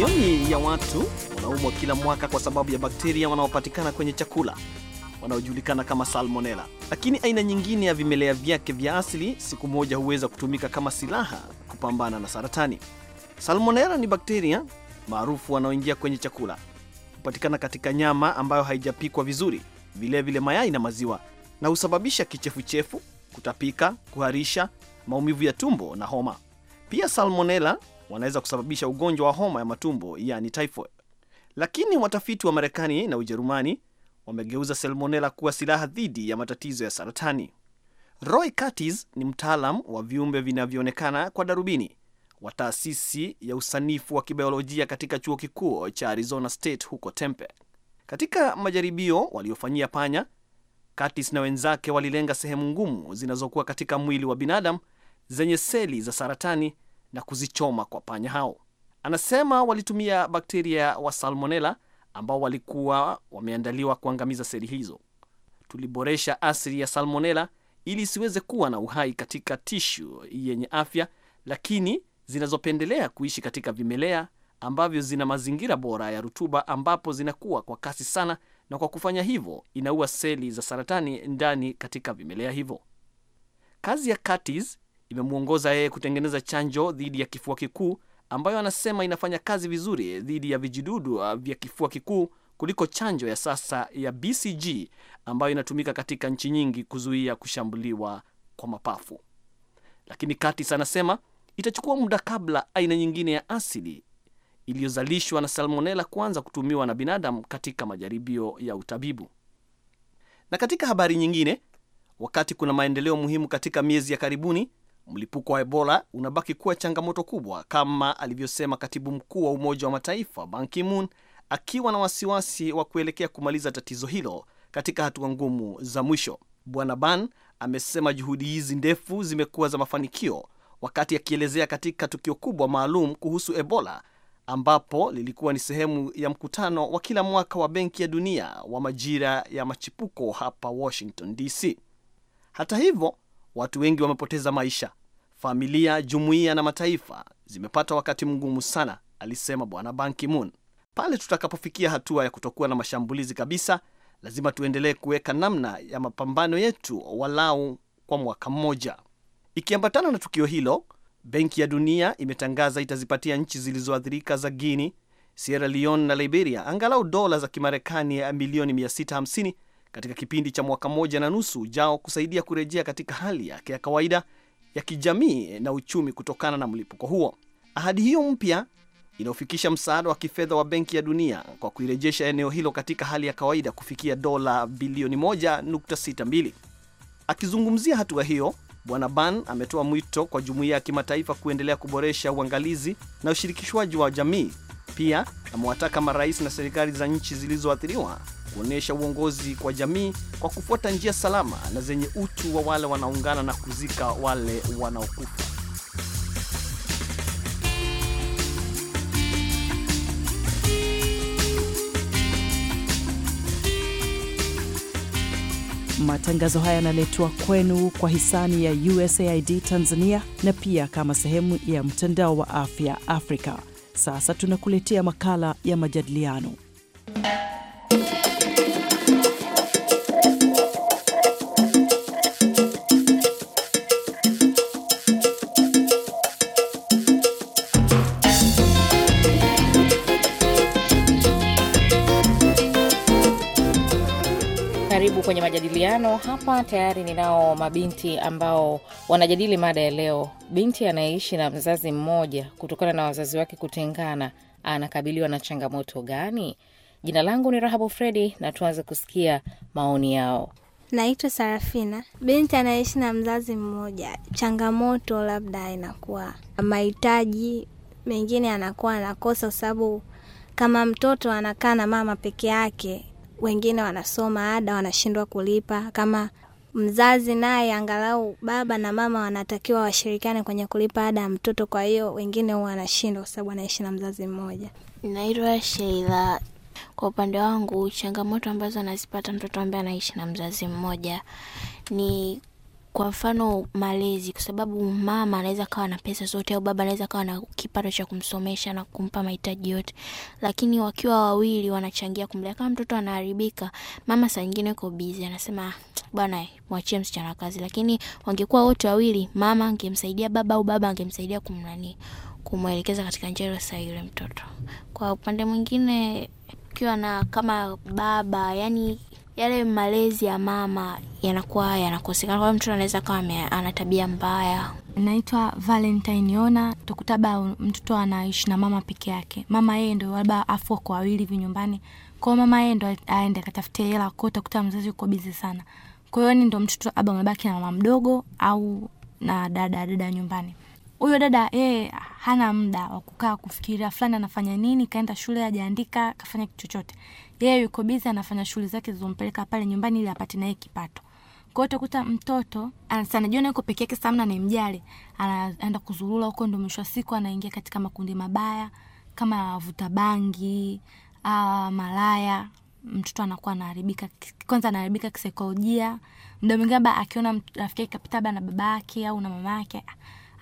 Mamilioni ya watu wanaumwa kila mwaka kwa sababu ya bakteria wanaopatikana kwenye chakula wanaojulikana kama salmonella, lakini aina nyingine ya vimelea vyake vya asili siku moja huweza kutumika kama silaha kupambana na saratani. Salmonella ni bakteria maarufu wanaoingia kwenye chakula, hupatikana katika nyama ambayo haijapikwa vizuri, vilevile vile mayai na maziwa, na husababisha kichefuchefu, kutapika, kuharisha, maumivu ya tumbo na homa. Pia salmonella wanaweza kusababisha ugonjwa wa homa ya matumbo, yani typhoid. Lakini watafiti wa Marekani na Ujerumani wamegeuza salmonella kuwa silaha dhidi ya matatizo ya saratani. Roy Curtis ni mtaalam wa viumbe vinavyoonekana kwa darubini wa taasisi ya usanifu wa kibiolojia katika chuo kikuu cha Arizona State huko Tempe. Katika majaribio waliofanyia panya, Curtis na wenzake walilenga sehemu ngumu zinazokuwa katika mwili wa binadamu zenye seli za saratani na kuzichoma kwa panya hao. Anasema walitumia bakteria wa salmonela ambao walikuwa wameandaliwa kuangamiza seli hizo. Tuliboresha asili ya salmonela ili isiweze kuwa na uhai katika tishu yenye afya, lakini zinazopendelea kuishi katika vimelea ambavyo zina mazingira bora ya rutuba, ambapo zinakuwa kwa kasi sana, na kwa kufanya hivyo inaua seli za saratani ndani katika vimelea hivyo. Kazi ya Curtis imemwongoza yeye kutengeneza chanjo dhidi ya kifua kikuu ambayo anasema inafanya kazi vizuri dhidi ya vijidudu uh, vya kifua kikuu kuliko chanjo ya sasa ya BCG ambayo inatumika katika nchi nyingi kuzuia kushambuliwa kwa mapafu. Lakini Katis anasema itachukua muda kabla aina nyingine ya asili iliyozalishwa na salmonela kuanza kutumiwa na binadamu katika majaribio ya utabibu. Na katika habari nyingine, wakati kuna maendeleo muhimu katika miezi ya karibuni, mlipuko wa Ebola unabaki kuwa changamoto kubwa, kama alivyosema katibu mkuu wa Umoja wa Mataifa Ban Ki-moon, akiwa na wasiwasi wa kuelekea kumaliza tatizo hilo katika hatua ngumu za mwisho. Bwana Ban amesema juhudi hizi ndefu zimekuwa za mafanikio, wakati akielezea katika tukio kubwa maalum kuhusu Ebola ambapo lilikuwa ni sehemu ya mkutano wa kila mwaka wa Benki ya Dunia wa majira ya machipuko hapa Washington DC. Hata hivyo Watu wengi wamepoteza maisha, familia, jumuiya na mataifa zimepata wakati mgumu sana, alisema Bwana Ban Ki-moon. Pale tutakapofikia hatua ya kutokuwa na mashambulizi kabisa, lazima tuendelee kuweka namna ya mapambano yetu walau kwa mwaka mmoja. Ikiambatana na tukio hilo, Benki ya Dunia imetangaza itazipatia nchi zilizoathirika za Guinea, Sierra Leone na Liberia angalau dola za Kimarekani ya milioni 650 katika kipindi cha mwaka moja na nusu ujao kusaidia kurejea katika hali yake ya kawaida ya kijamii na uchumi kutokana na mlipuko huo. Ahadi hiyo mpya inayofikisha msaada wa kifedha wa Benki ya Dunia kwa kuirejesha eneo hilo katika hali ya kawaida kufikia dola bilioni 1.62. Akizungumzia hatua hiyo, Bwana Ban ametoa mwito kwa jumuiya ya kimataifa kuendelea kuboresha uangalizi na ushirikishwaji wa jamii. Pia amewataka marais na serikali za nchi zilizoathiriwa kuonyesha uongozi kwa jamii kwa kufuata njia salama na zenye utu wa wale wanaungana na kuzika wale wanaokufa. Matangazo haya yanaletwa kwenu kwa hisani ya USAID Tanzania na pia kama sehemu ya mtandao wa afya Afrika. Sasa tunakuletea makala ya majadiliano karibu kwenye majadiliano hapa. Tayari ninao mabinti ambao wanajadili mada ya leo. Binti anayeishi na mzazi mmoja kutokana na wazazi wake kutengana anakabiliwa na changamoto gani? Jina langu ni Rahabu Fredi na tuanze kusikia maoni yao. Naitwa Sarafina. Binti anayeishi na mzazi mmoja, changamoto labda inakuwa mahitaji mengine anakuwa anakosa, kwa sababu kama mtoto anakaa na mama peke yake wengine wanasoma ada wanashindwa kulipa. Kama mzazi naye, angalau baba na mama wanatakiwa washirikiane kwenye kulipa ada ya mtoto. Kwa hiyo wengine huwa wanashindwa kwa sababu anaishi na mzazi mmoja. Naitwa Sheila. Kwa upande wangu, changamoto ambazo anazipata mtoto ambaye anaishi na mzazi mmoja ni kwa mfano malezi, kwa sababu mama anaweza kawa na pesa zote au baba anaweza kawa na kipato cha kumsomesha na kumpa mahitaji yote, lakini wakiwa wawili wanachangia kumlea. Kama mtoto anaharibika, mama saa nyingine yuko busy, anasema ah, bwana, mwachie msichana kazi. Lakini wangekuwa wote wawili, mama angemsaidia baba au baba angemsaidia kumnani, kumwelekeza katika njia sahihi yule mtoto. Kwa upande mwingine, ukiwa na kama baba, yani yale malezi ya mama yanakuwa yanakosekana. Kwa hiyo mtoto anaweza kawa ana tabia mbaya. Naitwa Valentine Yona. ba mtoto anaishi na mama peke yake, mama yeye ndo labda afu kwa wawili hivi nyumbani kwao, mama yeye ndo aende akatafutia hela kwao, utakuta mzazi uko bizi sana. Kwa hiyo ni ndo mtoto labda amebaki na mama mdogo au na dada dada nyumbani. Huyo dada yeye hana muda wa kukaa kufikiria fulani anafanya nini, kaenda shule, ajaandika, kafanya kitu chochote yeye yuko bizi anafanya shughuli zake zilizompeleka pale nyumbani ili apate naye kipato. kwao utakuta mtoto anajiona yuko peke yake, samna ni anayemjali, anaenda kuzurura huko, ndo mwisho wa siku anaingia katika makundi mabaya kama vuta bangi, aa, malaya. Mtoto anakuwa anaharibika, kwanza anaharibika kisaikolojia. Mda mwingine labda akiona rafiki yake kapita labda na baba yake au na mama yake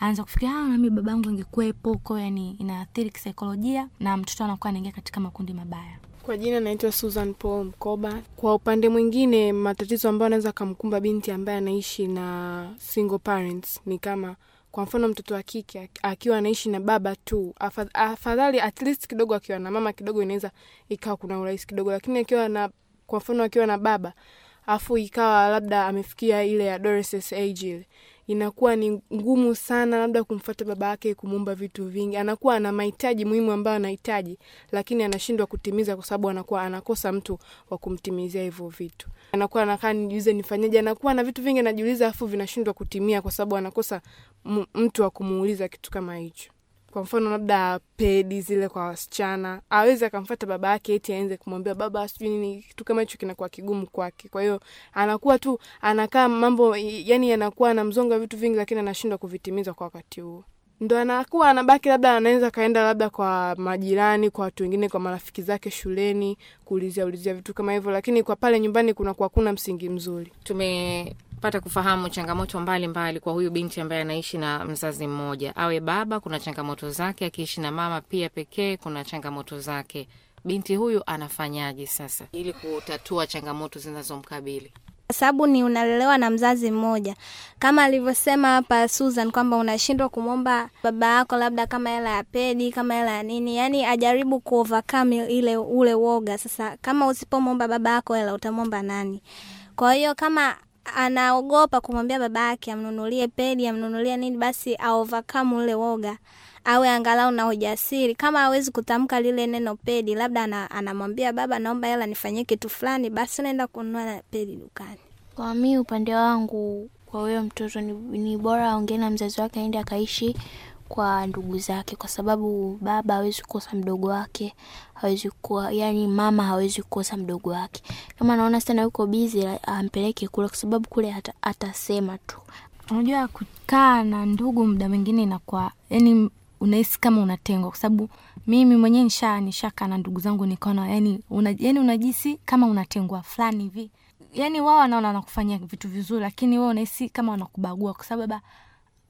anaanza kufikiria ah, nami yangu angekuwepo huko. Yani inaathiri kisaikolojia na mtoto anakuwa anaingia katika makundi mabaya. Kwa jina naitwa Susan Paul Mkoba. Kwa upande mwingine, matatizo ambayo anaweza akamkumba binti ambaye anaishi na single parents ni kama kwa mfano mtoto wa kike akiwa anaishi na baba tu, afadhali at least kidogo akiwa na mama kidogo inaweza ikawa kuna urahisi kidogo, lakini akiwa na kwa mfano akiwa na baba afu ikawa labda amefikia ile adolescence age ile inakuwa ni ngumu sana labda kumfata baba yake kumumba vitu vingi. Anakuwa ana mahitaji muhimu ambayo anahitaji, lakini anashindwa kutimiza kwa sababu anakuwa anakosa mtu wa kumtimizia hivyo vitu. Anakuwa anakaa nijiulize, nifanyaje Anakuwa na vitu vingi anajiuliza, afu vinashindwa kutimia kwa sababu anakosa mtu wa kumuuliza kitu kama hicho kwa mfano labda pedi zile kwa wasichana, awezi akamfata baba yake eti aenze kumwambia baba sijui nini. Kitu kama hicho kinakuwa kigumu kwake, kwa hiyo anakuwa tu anakaa mambo, yani anakuwa anamzonga vitu vingi, lakini anashindwa kuvitimiza kwa wakati huo ndo anakuwa anabaki labda anaweza akaenda labda kwa majirani, kwa watu wengine, kwa marafiki zake shuleni kuulizia ulizia vitu kama hivyo, lakini kwa pale nyumbani kunakuwa kuna msingi mzuri. Tume pata kufahamu changamoto mbalimbali mbali kwa huyu binti ambaye anaishi na mzazi mmoja, awe baba, kuna changamoto zake, akiishi na mama pia pekee, kuna changamoto zake. Binti huyu anafanyaje sasa ili kutatua changamoto zinazomkabili? Kwa sababu ni unalelewa na mzazi mmoja, kama alivyosema hapa Susan kwamba unashindwa kumwomba baba yako labda kama hela ya pedi, kama hela ya nini, yaani ajaribu kuovakam ile ule woga. Sasa kama usipomwomba baba yako hela utamwomba nani? Kwa hiyo kama anaogopa kumwambia baba yake amnunulie pedi amnunulie nini, basi aovakamu ule woga, awe angalau na ujasiri. Kama awezi kutamka lile neno pedi, labda anamwambia baba, naomba hela nifanyie kitu fulani, basi unaenda kununua pedi dukani. Kwa mi upande wangu, kwa huyo mtoto ni, ni bora aongee na mzazi wake aende akaishi kwa ndugu zake, kwa sababu baba hawezi kukosa mdogo wake, hawezi kuwa yani, mama hawezi kukosa mdogo wake. Kama naona sana yuko bizi, ampeleke kule, kwa sababu kule hata, atasema tu. Unajua, kukaa na ndugu muda mwingine inakuwa yani unahisi kama unatengwa, kwa sababu mimi mwenyewe nisha nishakaa na ndugu zangu nikaona yani, una, yani unajisi kama unatengwa fulani hivi yani wao wanaona wanakufanyia vitu vizuri, lakini wao unahisi kama wanakubagua, kwa sababu baba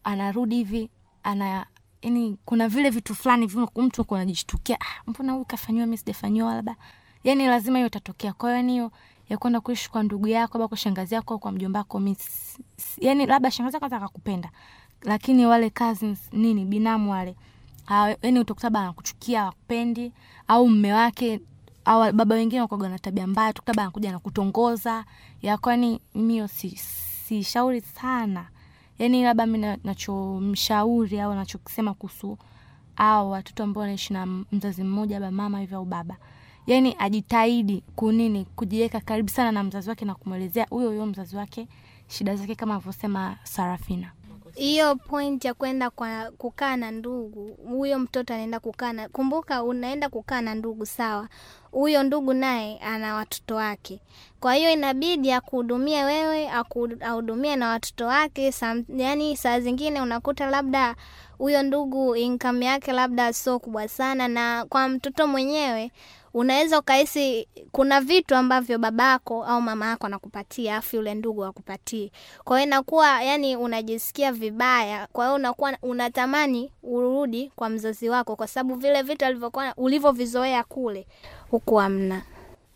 anarudi hivi ana yani kuna vile vitu fulani vile mtu kunajishtukia ah, mbona huyu kafanyiwa mi sijafanyiwa labda yani lazima hiyo itatokea kwa hiyo niyo ya kwenda kuishi kwa ndugu yako au kwa shangazi yako kwa mjomba wako miss yani labda shangazi yako atakakupenda lakini wale cousins nini binamu wale yani utakuta bana anakuchukia wakupendi au mme wake au baba wengine wakwaga na tabia mbaya tukuta bana anakuja na kutongoza ya kwani mimi si, si shauri sana yani labda mi nachomshauri au nachokisema kuhusu au watoto ambao wanaishi na mzazi mmoja labda mama hivyo au baba yani ajitahidi kunini kujiweka karibu sana na mzazi wake na kumwelezea huyo huyo mzazi wake shida zake kama alivyosema sarafina hiyo point ya kwenda kwa kukaa na ndugu, huyo mtoto anaenda kukaa na, kumbuka unaenda kukaa na ndugu sawa, huyo ndugu naye ana watoto wake, kwa hiyo inabidi akuhudumie wewe, ahudumie na watoto wake yani saa zingine unakuta labda huyo ndugu income yake labda sio kubwa sana, na kwa mtoto mwenyewe unaweza ukahisi kuna vitu ambavyo babako au mama yako anakupatia afu yule ndugu akupatie. Kwa hiyo inakuwa yani unajisikia vibaya, kwa hiyo unakuwa unatamani urudi kwa mzazi wako, kwa sababu vile vitu alivyokuwa ulivyovizoea kule huku hamna.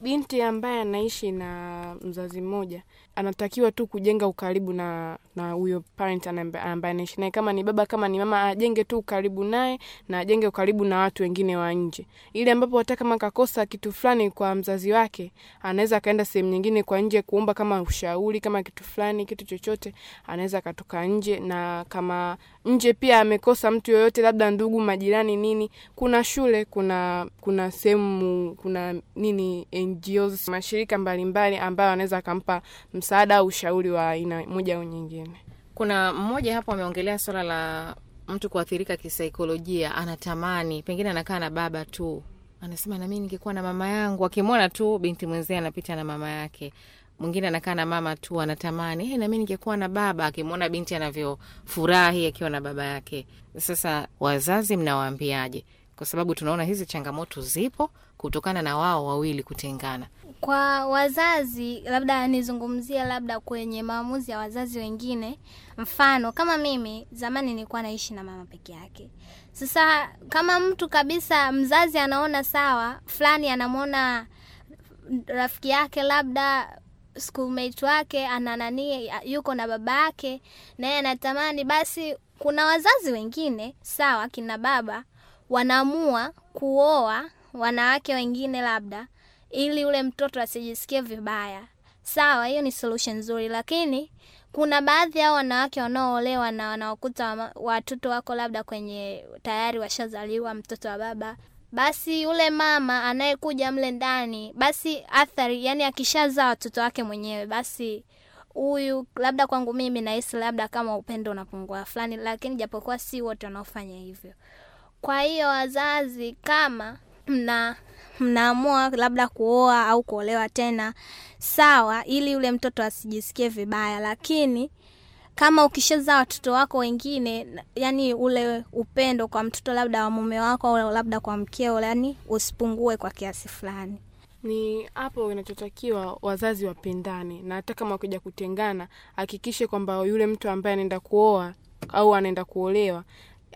Binti ambaye anaishi na mzazi mmoja anatakiwa tu kujenga ukaribu na na huyo parent ambaye anaishi naye, kama ni baba, kama ni mama, ajenge tu ukaribu naye na ajenge ukaribu na watu wengine wa nje, ili ambapo hata kama kakosa kitu fulani kwa mzazi wake, anaweza akaenda sehemu nyingine kwa nje kuomba kama ushauri, kama kitu fulani, kitu chochote, anaweza akatoka nje. Na kama nje pia amekosa mtu yoyote, labda ndugu, majirani, nini, kuna shule, kuna kuna sehemu, kuna nini, NGOs, mashirika mbalimbali ambayo anaweza akampa msaada au ushauri wa aina moja au nyingine. Kuna mmoja hapo ameongelea swala la mtu kuathirika kisaikolojia, anatamani pengine anakaa na baba tu, anasema nami ningekuwa na mama yangu, akimwona tu binti mwenzie anapita na mama yake mwingine anakaa na mama tu, anatamani hey, nami ningekuwa na baba, akimwona binti anavyofurahi akiwa na baba yake. Sasa wazazi mnawaambiaje? Kwa sababu tunaona hizi changamoto zipo, kutokana na wao wawili kutengana. Kwa wazazi, labda nizungumzie labda kwenye maamuzi ya wazazi wengine. Mfano kama mimi zamani nilikuwa naishi na mama peke yake. Sasa kama mtu kabisa mzazi anaona sawa fulani, anamwona rafiki yake labda schoolmate wake ana nani, yuko na baba yake, naye anatamani basi. Kuna wazazi wengine sawa, kina baba wanaamua kuoa wanawake wengine labda, ili ule mtoto asijisikie vibaya. Sawa, hiyo ni solution nzuri, lakini kuna baadhi ya wanawake wanaoolewa na wanaokuta watoto wako labda kwenye tayari washazaliwa mtoto wa baba basi yule mama anayekuja mle ndani, basi athari, yani akishazaa watoto wake mwenyewe, basi huyu labda, kwangu mimi nahisi labda kama upendo unapungua fulani, lakini japokuwa si wote wanaofanya hivyo. Kwa hiyo wazazi, kama mna mnaamua labda kuoa au kuolewa tena, sawa, ili yule mtoto asijisikie vibaya, lakini kama ukishazaa watoto wako wengine, yani ule upendo kwa mtoto labda wa mume wako au labda kwa mkeo, yani usipungue kwa kiasi fulani. Ni hapo inachotakiwa wazazi wapendane, na hata kama wakija kutengana, hakikishe kwamba yule mtu ambaye anaenda kuoa au anaenda kuolewa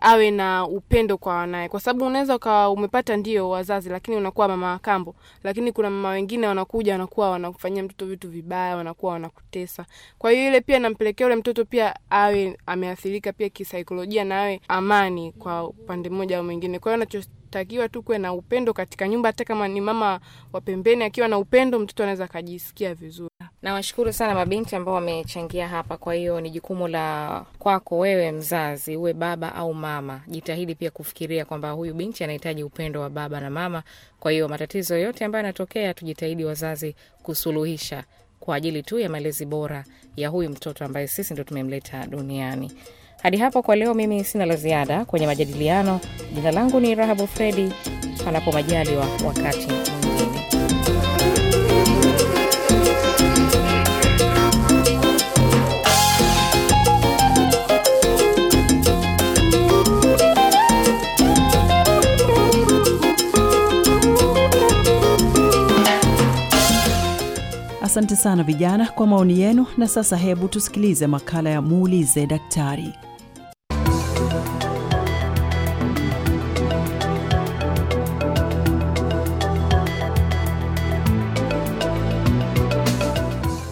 awe na upendo kwa wanaye, kwa sababu unaweza ukawa umepata ndio wazazi, lakini unakuwa mama wakambo lakini kuna mama wengine wanakuja wanakuwa wanakufanyia mtoto vitu vibaya, wanakuwa wanakutesa. Kwa hiyo ile pia nampelekea ule mtoto pia awe ameathirika pia kisaikolojia, na awe amani kwa upande mmoja au mwingine. Kwa hiyo nacho inatakiwa tu kuwe na upendo katika nyumba. Hata kama ni mama wa pembeni, akiwa na upendo, mtoto anaweza akajisikia vizuri. Nawashukuru sana mabinti ambao wamechangia hapa. Kwa hiyo ni jukumu la kwako wewe mzazi, uwe baba au mama, jitahidi pia kufikiria kwamba huyu binti anahitaji upendo wa baba na mama. Kwa hiyo matatizo yote ambayo yanatokea, tujitahidi wazazi kusuluhisha kwa ajili tu ya malezi bora ya huyu mtoto ambaye sisi ndo tumemleta duniani. Hadi hapo kwa leo, mimi sina la ziada kwenye majadiliano. Jina langu ni Rahabu Fredi, panapo majaliwa wakati mwingine. Asante sana vijana kwa maoni yenu, na sasa hebu tusikilize makala ya muulize daktari.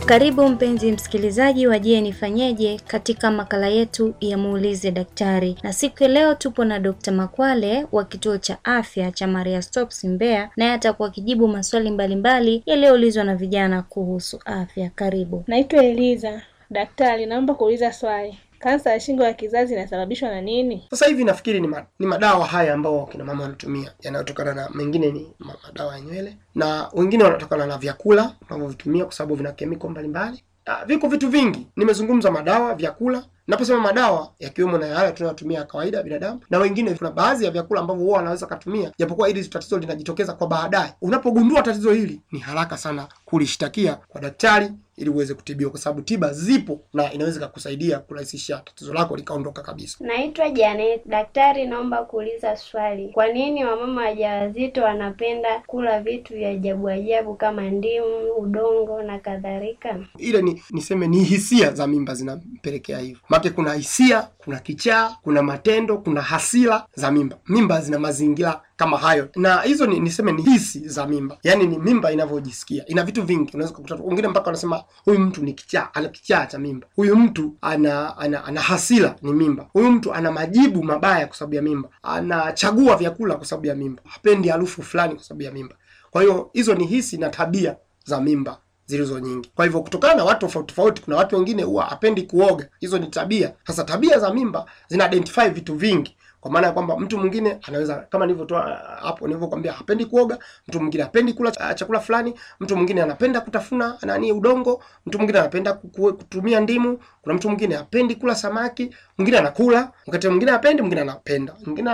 Karibu mpenzi msikilizaji wa Je, nifanyeje katika makala yetu ya muulize daktari, na siku ya leo tupo na dokta Makwale wa kituo cha afya cha Maria Stopes Mbeya, naye atakuwa akijibu maswali mbalimbali yaliyoulizwa na vijana kuhusu afya. Karibu. Naitwa Eliza. Daktari, naomba kuuliza swali. Kansa ya shingo ya kizazi inasababishwa na nini? Sasa hivi nafikiri ni, ma, ni madawa haya ambao kina mama wanatumia yanayotokana na mengine ni madawa ya nywele na wengine wanatokana na vyakula tunavyovitumia kwa sababu vina kemiko mbalimbali. Ah, viko vitu vingi, nimezungumza madawa, vyakula. Naposema madawa yakiwemo na yale tunayotumia kawaida binadamu, na wengine, kuna baadhi ya vyakula ambavyo huwa wanaweza katumia, japokuwa hili tatizo linajitokeza kwa baadaye. Unapogundua tatizo hili, ni haraka sana kulishtakia kwa daktari ili uweze kutibiwa, kwa sababu tiba zipo na inaweza kukusaidia kurahisisha tatizo lako likaondoka kabisa. Naitwa Janet. Daktari, naomba kuuliza swali, kwa nini wamama wajawazito wanapenda kula vitu vya ajabu ajabu kama ndimu, udongo na kadhalika? Ile ni niseme ni hisia za mimba zinampelekea hivyo, maana kuna hisia, kuna kichaa, kuna matendo, kuna hasira za mimba. Mimba zina mazingira kama hayo, na hizo ni niseme ni hisi za mimba, yani ni mimba inavyojisikia. Ina vitu vingi unaweza kukuta, wengine mpaka wanasema huyu mtu ni kichaa, ana kichaa cha mimba, huyu mtu ana, ana ana hasila ni mimba, huyu mtu ana majibu mabaya kwa sababu ya mimba, anachagua vyakula kwa sababu ya mimba, hapendi harufu fulani kwa sababu ya mimba. Kwa hiyo hizo ni hisi na tabia za mimba zilizo nyingi. Kwa hivyo kutokana na watu tofauti tofauti, kuna watu wengine huwa hapendi kuoga, hizo ni tabia. Sasa tabia za mimba zina identify vitu vingi kwa maana ya kwamba mtu mwingine anaweza kama nilivyotoa eh, hapo nilivyokuambia, hapendi kuoga, mtu mwingine hapendi kula eh, chakula fulani, mtu mwingine anapenda kutafuna eh, nani udongo, mtu mwingine anapenda kutumia ndimu, kuna mtu mwingine hapendi kula samaki, mwingine anakula wakati mwingine hapendi, mwingine anapenda, mwingine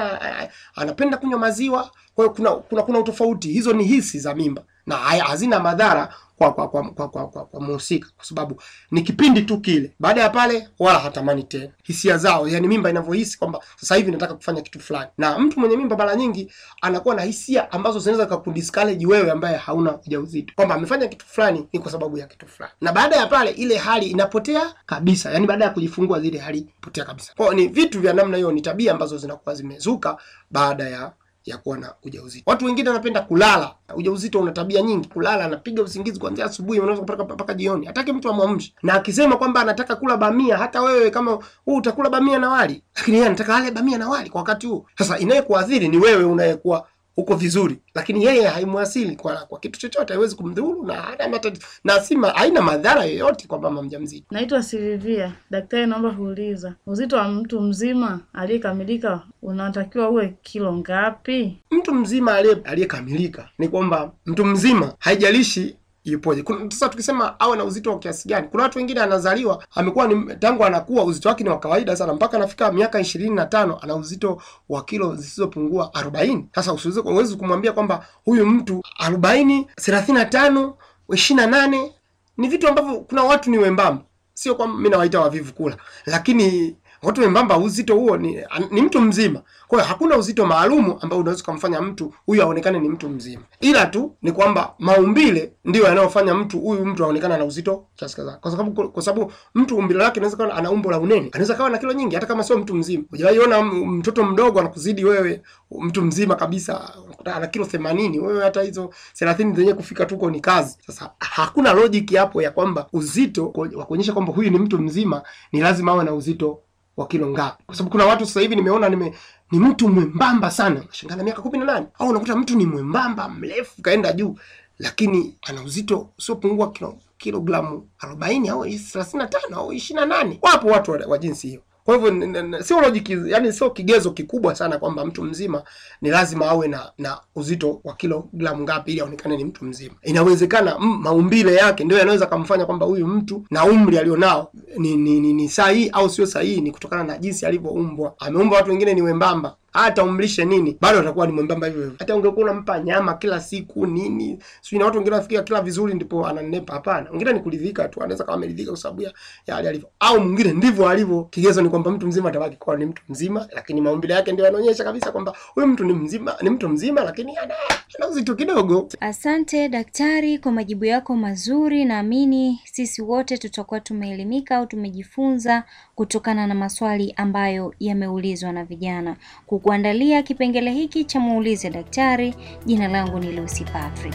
anapenda kunywa maziwa. Kwa hiyo kuna, kuna kuna utofauti. Hizo ni hisi za mimba na hazina madhara kwa kwa kwa kwa, kwa, kwa, kwa mhusika, kwa sababu ni kipindi tu kile. Baada ya pale wala hatamani tena. Hisia zao, yani mimba inavyohisi kwamba sasa hivi nataka kufanya kitu fulani, na mtu mwenye mimba mara nyingi anakuwa na hisia ambazo zinaweza kukudiscourage wewe ambaye hauna ujauzito kwamba amefanya kitu fulani ni kwa sababu ya kitu fulani, na baada ya pale ile hali inapotea kabisa, yani baada ya kujifungua zile hali inapotea kabisa. Kwa ni vitu vya namna hiyo, ni tabia ambazo zinakuwa zimezuka baada ya ya kuwa na ujauzito. Watu wengine wanapenda kulala. Ujauzito una tabia nyingi, kulala, anapiga usingizi kuanzia asubuhi unaweza mpaka mpaka jioni, hataki mtu amwamshe, na akisema kwamba anataka kula bamia, hata wewe kama huu utakula bamia na wali, lakini yeye anataka ale bamia na wali kwa wakati huu. Sasa inayekuathiri ni wewe unayekuwa uko vizuri, lakini yeye haimwasili kwa, kwa kitu chochote, haiwezi kumdhuru na hana na sima, haina madhara yoyote kwa mama mjamzito. Naitwa Silivia. Daktari, naomba kuuliza uzito wa mtu mzima aliyekamilika unatakiwa uwe kilo ngapi? Mtu mzima aliyekamilika ni kwamba mtu mzima haijalishi ipoje. Sasa tukisema awe na uzito wa kiasi gani, kuna watu wengine anazaliwa amekuwa ni tangu anakuwa uzito wake ni wa kawaida sana, mpaka anafika miaka ishirini na tano ana uzito wa kilo zisizopungua arobaini. Sasa usiweze uwezi kumwambia kwamba huyu mtu arobaini, thelathini na tano, ishirini na nane ni vitu ambavyo kuna watu ni wembamba, sio kwamba mimi nawaita wavivu kula, lakini watu membamba uzito huo ni, ni mtu mzima. Kwa hiyo hakuna uzito maalum ambao unaweza kumfanya mtu huyu aonekane ni mtu mzima, ila tu ni kwamba maumbile ndio yanayofanya mtu huyu mtu aonekane na uzito kiasi kadhaa, kwa sababu kwa sababu mtu umbile lake inaweza kuwa ana umbo la unene, anaweza kawa na kilo nyingi hata kama sio mtu mzima. Hujawahiona mtoto mdogo anakuzidi wewe, mtu mzima kabisa ana kilo 80, wewe hata hizo 30 zenyewe kufika tuko ni kazi. Sasa hakuna logic hapo ya kwamba uzito wa kuonyesha kwamba huyu ni mtu mzima ni lazima awe na uzito wa kilo ngapi, kwa sababu kuna watu sasa hivi nimeona nime, ni mtu mwembamba sana, nashangana miaka kumi na nane, au unakuta mtu ni mwembamba mrefu kaenda juu, lakini ana uzito usiopungua kilo kilogramu arobaini au thelathini na tano au ishirini na nane. Wapo watu wa, wa jinsi hiyo. Kwa hivyo sio logic, yani sio kigezo kikubwa sana kwamba mtu mzima ni lazima awe na na uzito wa kilogramu ngapi ili aonekane ni mtu mzima. Inawezekana mm, maumbile yake ndio yanaweza kumfanya kwamba huyu mtu na umri alionao ni, ni, ni, ni sahihi au sio sahihi, ni kutokana na jinsi alivyoumbwa. Ameumbwa watu wengine ni wembamba, hata umlishe nini bado atakuwa ni mwembamba hivyo hivyo. Hata ungekuwa unampa nyama kila siku nini, sio na watu wengine wafikia kila vizuri ndipo ananepa. Hapana, wengine ni kuridhika tu, anaweza kama ameridhika kwa sababu ya hali alivyo, au mwingine ndivyo alivyo. Kigezo ni kwamba mtu mzima atabaki kwa ni mtu mzima, lakini maumbile yake ndio yanaonyesha kabisa kwamba huyu mtu ni mzima, ni mtu mzima, lakini ana ana uzito kidogo. Asante daktari kwa majibu yako mazuri, naamini sisi wote tutakuwa tumeelimika au tumejifunza kutokana na maswali ambayo yameulizwa na vijana. Kukuandalia kipengele hiki cha muulize daktari, jina langu ni Lucy Patrick.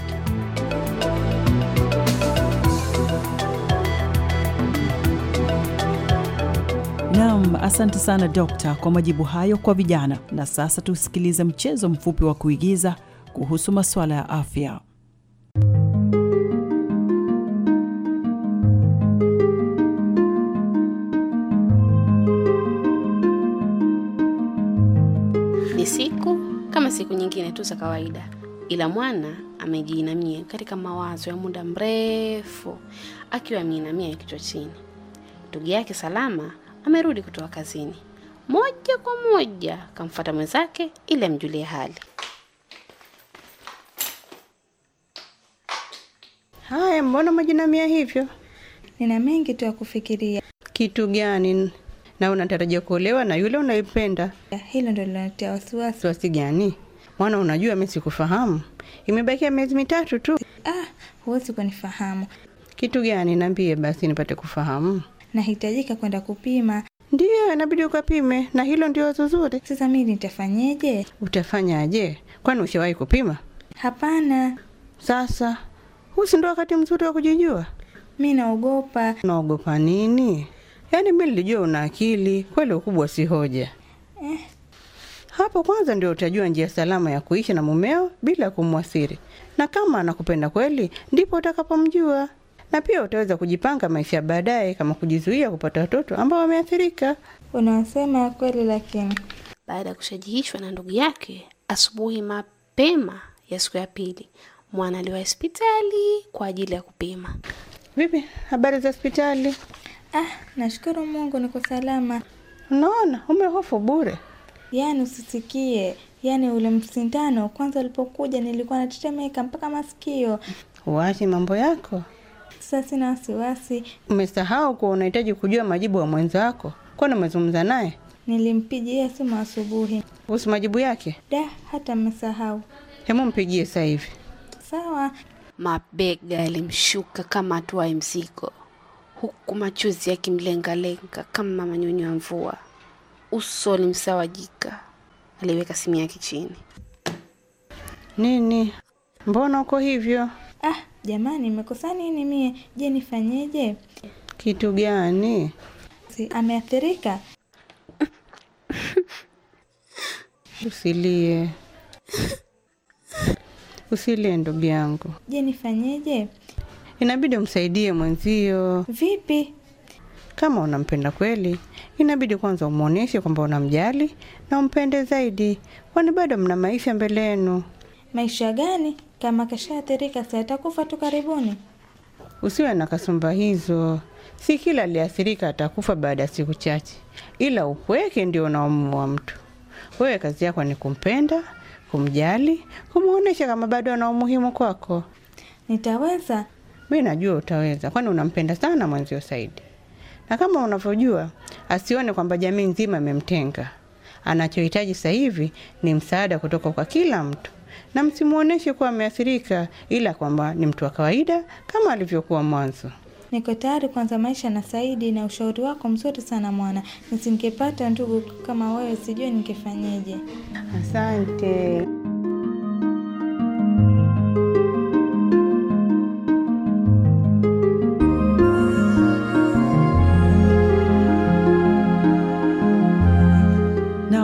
Naam, asante sana dokta kwa majibu hayo kwa vijana. Na sasa tusikilize mchezo mfupi wa kuigiza kuhusu masuala ya afya. kama siku nyingine tu za kawaida, ila mwana amejiinamia katika mawazo ya muda mrefu, akiwa ameinamia kichwa chini. Ndugu yake Salama amerudi kutoka kazini, moja kwa moja kamfuata mwenzake ili amjulie hali. Haya, mbona majinamia hivyo? Nina mengi tu ya kufikiria. Kitu gani? na unatarajia kuolewa na yule unayempenda. Hilo ndio linatia wasiwasi. Wasi gani? Mwana, unajua mimi sikufahamu. Imebakia miezi mitatu tu. Ah, huwezi kunifahamu. Kitu gani? Niambie basi nipate kufahamu. Nahitajika kwenda kupima. Ndiyo, inabidi ukapime, na hilo ndio wazo zuri. Sasa mimi nitafanyeje? Utafanyaje? Kwani ushawahi kupima? Hapana. Sasa huu si ndio wakati mzuri wa kujijua? Mi naogopa. Naogopa nini? Yaani mimi nilijua una akili kweli, ukubwa si hoja eh. Hapo kwanza ndio utajua njia salama ya kuishi na mumeo bila kumwathiri, na kama anakupenda kweli ndipo utakapomjua, na pia utaweza kujipanga maisha baadaye, kama kujizuia kupata watoto ambao wameathirika. Unasema kweli, lakini baada ya kushajihishwa na ndugu yake, asubuhi mapema ya siku ya pili mwana aliwa hospitali kwa ajili ya kupima. Vipi habari za hospitali? Ah, nashukuru Mungu niko salama. Unaona, umehofu bure. Yaani usisikie, yaani ule msindano kwanza ulipokuja nilikuwa natetemeka mpaka masikio. Uwache mambo yako. Sasa sina wasiwasi. Umesahau kuwa unahitaji kujua majibu ya mwenzi wako, kwani umezungumza naye? Nilimpigia simu asubuhi. Kuhusu majibu yake? Da, hata mmesahau. Hemu mpigie sasa hivi. Sawa. Mabega yalimshuka kama hatua ya mzigo huku machozi yakimlengalenga kama manyonyo ya mvua. Uso msawajika Aliweka simu yake chini. Nini? Mbona uko hivyo? Ah, jamani, nimekosa nini mie? Je, nifanyeje? Kitu gani? Si ameathirika? Usilie, usilie ndugu yangu. Je, nifanyeje? inabidi umsaidie mwenzio. Vipi? Kama unampenda kweli, inabidi kwanza umwonyeshe kwamba unamjali na umpende zaidi, kwani bado mna maisha mbele yenu. Maisha gani kama kashaathirika? Sasa atakufa tu karibuni. Usiwe na kasumba hizo. Si kila aliathirika atakufa baada ya siku chache, ila upweke ndio unaomua mtu. Wewe kazi yako ni kumpenda, kumjali, kumwonyesha kama bado ana umuhimu kwako. Nitaweza mi najua utaweza, kwani unampenda sana mwenzio Saidi, na kama unavyojua, asione kwamba jamii nzima imemtenga. Anachohitaji sasa hivi ni msaada kutoka kwa kila mtu, na msimuoneshe kuwa ameathirika, ila kwamba ni mtu wa kawaida kama alivyokuwa mwanzo. Niko tayari kuanza maisha na Saidi, na ushauri wako mzuri sana mwana. Nisingepata ndugu kama wewe, sijui ningefanyeje. Asante.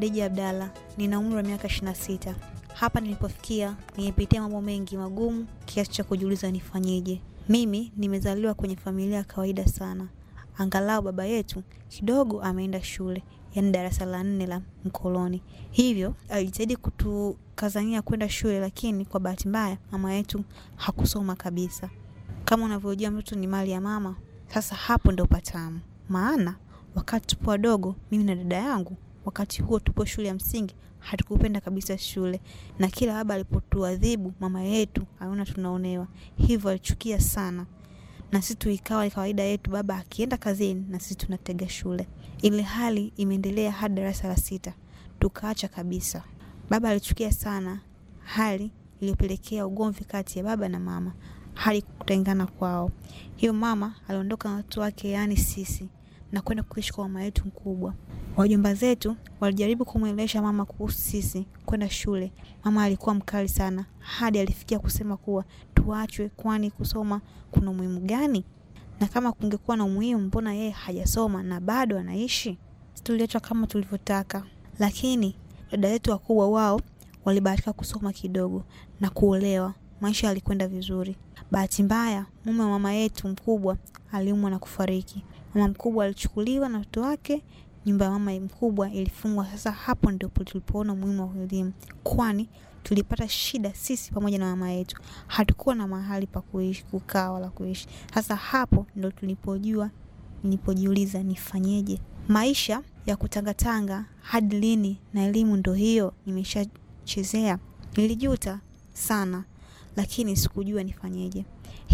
Khadija Abdalla, nina umri wa miaka 26. Hapa nilipofikia nimepitia mambo mengi magumu kiasi cha kujiuliza nifanyeje. Mimi nimezaliwa kwenye familia ya kawaida sana, angalau baba yetu kidogo ameenda shule, yaani darasa la nne la mkoloni, hivyo alijitahidi kutukazania kwenda shule, lakini kwa bahati mbaya mama yetu hakusoma kabisa. Kama unavyojua mtoto ni mali ya mama. Sasa hapo ndo patamu, maana wakati tupo wadogo, mimi na dada yangu Wakati huo tupo shule ya msingi, hatukupenda kabisa shule, na kila baba alipotuadhibu mama yetu aliona tunaonewa, hivyo alichukia sana na sisi tuikawa kawaida yetu, baba akienda kazini na sisi tunatega shule. Ile hali imeendelea hadi darasa la sita, tukaacha kabisa. Baba alichukia sana, hali iliyopelekea ugomvi kati ya baba na mama, hali kutengana kwao. Hiyo mama aliondoka na watoto wake, yaani sisi na kwenda kuishi kwa mama yetu mkubwa. Wajomba zetu walijaribu kumwelesha mama kuhusu sisi kwenda shule. Mama alikuwa mkali sana, hadi alifikia kusema kuwa tuachwe, kwani kusoma kuna umuhimu gani? Na kama kungekuwa na umuhimu, mbona yeye hajasoma na bado anaishi? Tuliachwa kama tulivyotaka, lakini dada yetu wakubwa wao walibahatika kusoma kidogo na kuolewa. Maisha yalikwenda vizuri. Bahati mbaya, mume wa mama yetu mkubwa aliumwa na kufariki. Mama mkubwa alichukuliwa na watoto wake, nyumba ya mama mkubwa ilifungwa. Sasa hapo ndipo tulipoona umuhimu wa elimu, kwani tulipata shida sisi pamoja na mama yetu, hatukuwa na mahali pa kuishi, kukaa wala kuishi. Sasa hapo ndo tulipojua, nilipojiuliza nifanyeje? Maisha ya kutangatanga hadi lini? Na elimu ndo hiyo nimeshachezea. Nilijuta sana, lakini sikujua nifanyeje.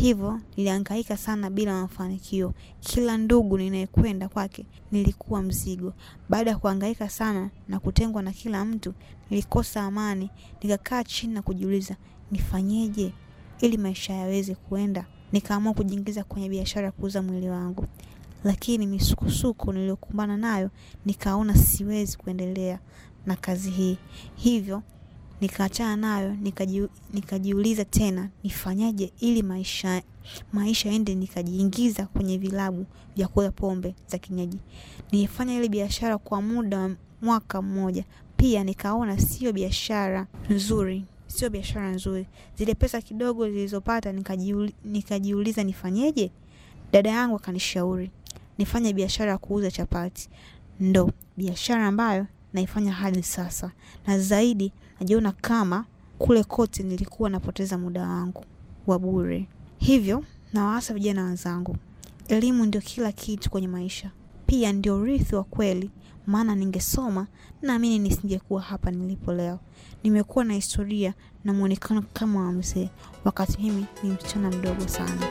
Hivyo nilihangaika sana bila mafanikio. Kila ndugu ninayekwenda kwake nilikuwa mzigo. Baada ya kuhangaika sana na kutengwa na kila mtu, nilikosa amani, nikakaa chini na kujiuliza nifanyeje ili maisha yaweze kuenda. Nikaamua kujiingiza kwenye biashara ya kuuza mwili wangu, lakini misukusuku niliyokumbana nayo nikaona siwezi kuendelea na kazi hii, hivyo nikaachana nayo nikaji, nikajiuliza tena nifanyaje ili maisha maisha ende, nikajiingiza kwenye vilabu vya kula pombe za kienyeji. Nilifanya ile biashara kwa muda wa mwaka mmoja, pia nikaona sio biashara nzuri, sio biashara nzuri. Zile pesa kidogo zilizopata nikajiuliza, nika nifanyeje. Dada yangu akanishauri nifanye biashara ya kuuza chapati, ndo biashara ambayo naifanya hadi sasa na zaidi najiona kama kule kote nilikuwa napoteza muda wangu wa bure. Hivyo nawaasa vijana wenzangu, elimu ndio kila kitu kwenye maisha, pia ndio urithi wa kweli, maana ningesoma naamini nisingekuwa hapa nilipo leo. Nimekuwa na historia na mwonekano kama wa mzee, wakati mimi ni msichana mdogo sana.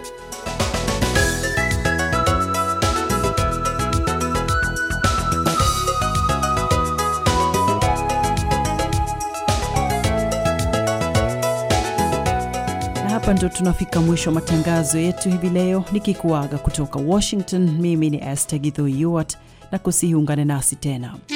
hapa ndio tunafika mwisho matangazo yetu hivi leo, nikikuaga kutoka Washington. Mimi ni Esther Githo Yuart, na kusihi ungane nasi tena.